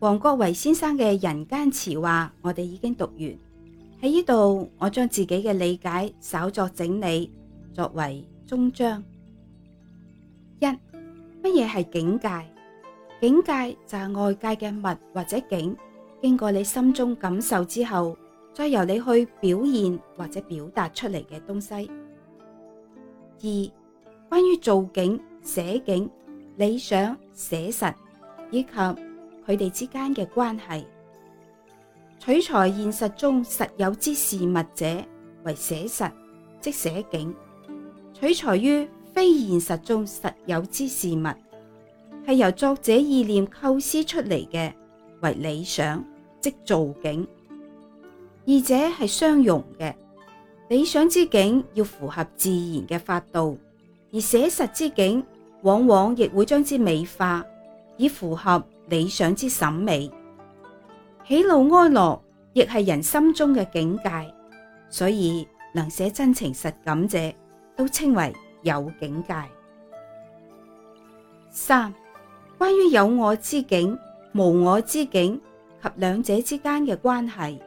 王國維先生嘅《人間詞話》，我哋已經讀完喺呢度。我將自己嘅理解稍作整理，作為終章。一乜嘢係境界？境界就係外界嘅物或者景，經過你心中感受之後，再由你去表現或者表達出嚟嘅東西。二關於造境、寫境、理想、寫實以及，佢哋之間嘅關係，取材現實中實有之事物者為寫實，即寫境；取材於非現實中實有之事物，係由作者意念構思出嚟嘅為理想，即造境。二者係相融嘅，理想之境要符合自然嘅法度，而寫實之境往往亦會將之美化，以符合。理想之審美，喜怒哀樂亦係人心中嘅境界，所以能寫真情實感者，都稱為有境界。三，關於有我之境、無我之境及兩者之間嘅關係。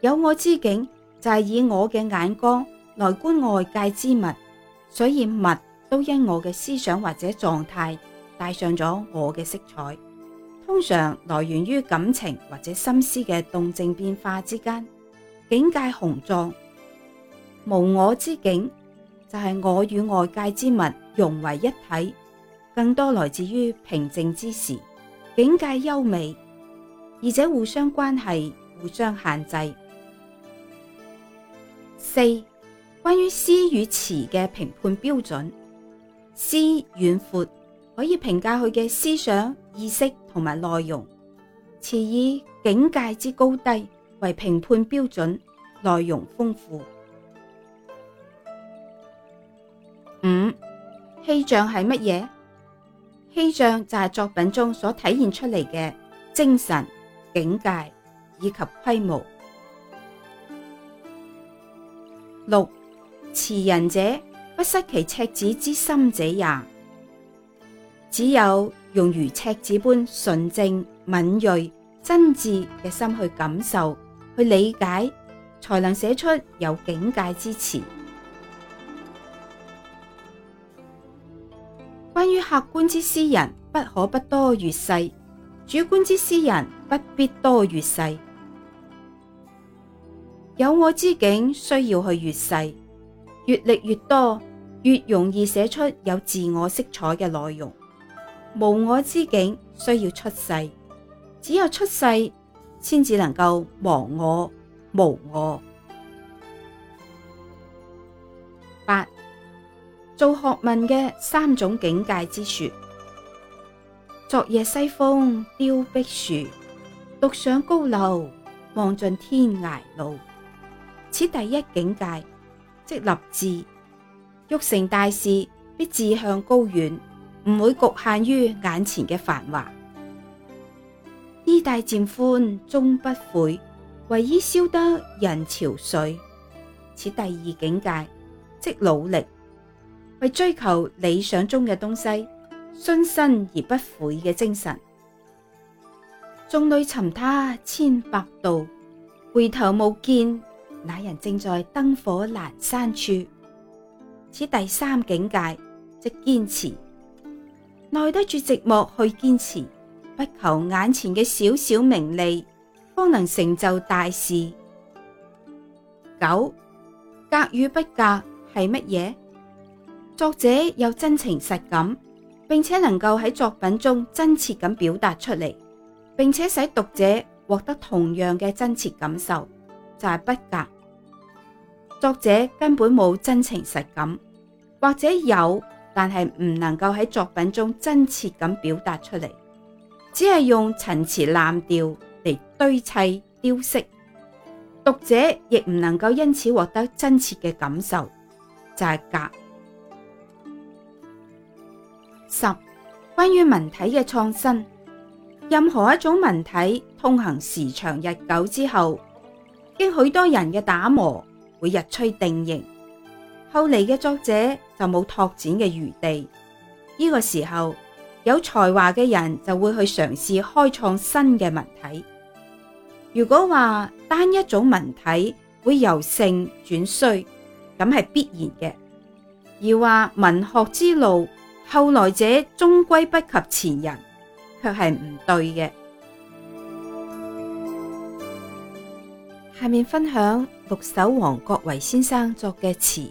有我之境就係以我嘅眼光來觀外界之物，所以物都因我嘅思想或者狀態。帶上咗我嘅色彩，通常來源於感情或者心思嘅動靜變化之間。境界雄壯，無我之境就係、是、我與外界之物融為一體，更多來自於平靜之時。境界優美，而且互相關係，互相限制。四、關於詩與詞嘅評判標準，詩遠闊。可以評價佢嘅思想意識同埋內容，詞以境界之高低為評判標準，內容豐富。五、氣象係乜嘢？氣象就係作品中所體現出嚟嘅精神境界、以及規模。六、詞人者，不失其赤子之心者也。只有用如赤子般純正、敏銳、真摯嘅心去感受、去理解，才能寫出有境界之詞。關於客觀之詩人，不可不多閱世；主觀之詩人，不必多閱世。有我之境，需要去閱世，閱歷越多，越容易寫出有自我色彩嘅內容。無我之境需要出世，只有出世，先至能夠忘我，無我。八做學問嘅三種境界之說：昨夜西風凋碧樹，獨上高樓，望盡天涯路。此第一境界，即立志。欲成大事，必志向高遠。唔會局限於眼前嘅繁華，衣帶漸寬終不悔，為伊消得人憔悴。此第二境界，即努力，為追求理想中嘅東西，殉身而不悔嘅精神。衆裏尋他千百度，回頭驀見，那人正在燈火闌珊處。此第三境界，即堅持。耐得住寂寞去堅持，不求眼前嘅小小名利，方能成就大事。九，隔與不隔係乜嘢？作者有真情實感，並且能夠喺作品中真切咁表達出嚟，並且使讀者獲得同樣嘅真切感受，就係、是、不隔。作者根本冇真情實感，或者有。但係唔能夠喺作品中真切咁表達出嚟，只係用陳詞濫調嚟堆砌雕飾，讀者亦唔能夠因此獲得真切嘅感受，就係隔。十，關於文體嘅創新，任何一種文體通行時長日久之後，經許多人嘅打磨，會日趨定型，後嚟嘅作者。就冇拓展嘅餘地。呢個時候有才華嘅人就會去嘗試開創新嘅文體。如果話單一種文體會由盛轉衰，咁係必然嘅。而話文學之路後來者終歸不及前人，卻係唔對嘅。下面分享六首王國維先生作嘅詞。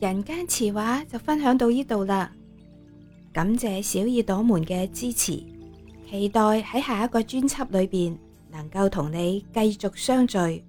人間詞話就分享到呢度啦，感謝小耳朵們嘅支持，期待喺下一個專輯裏邊能夠同你繼續相聚。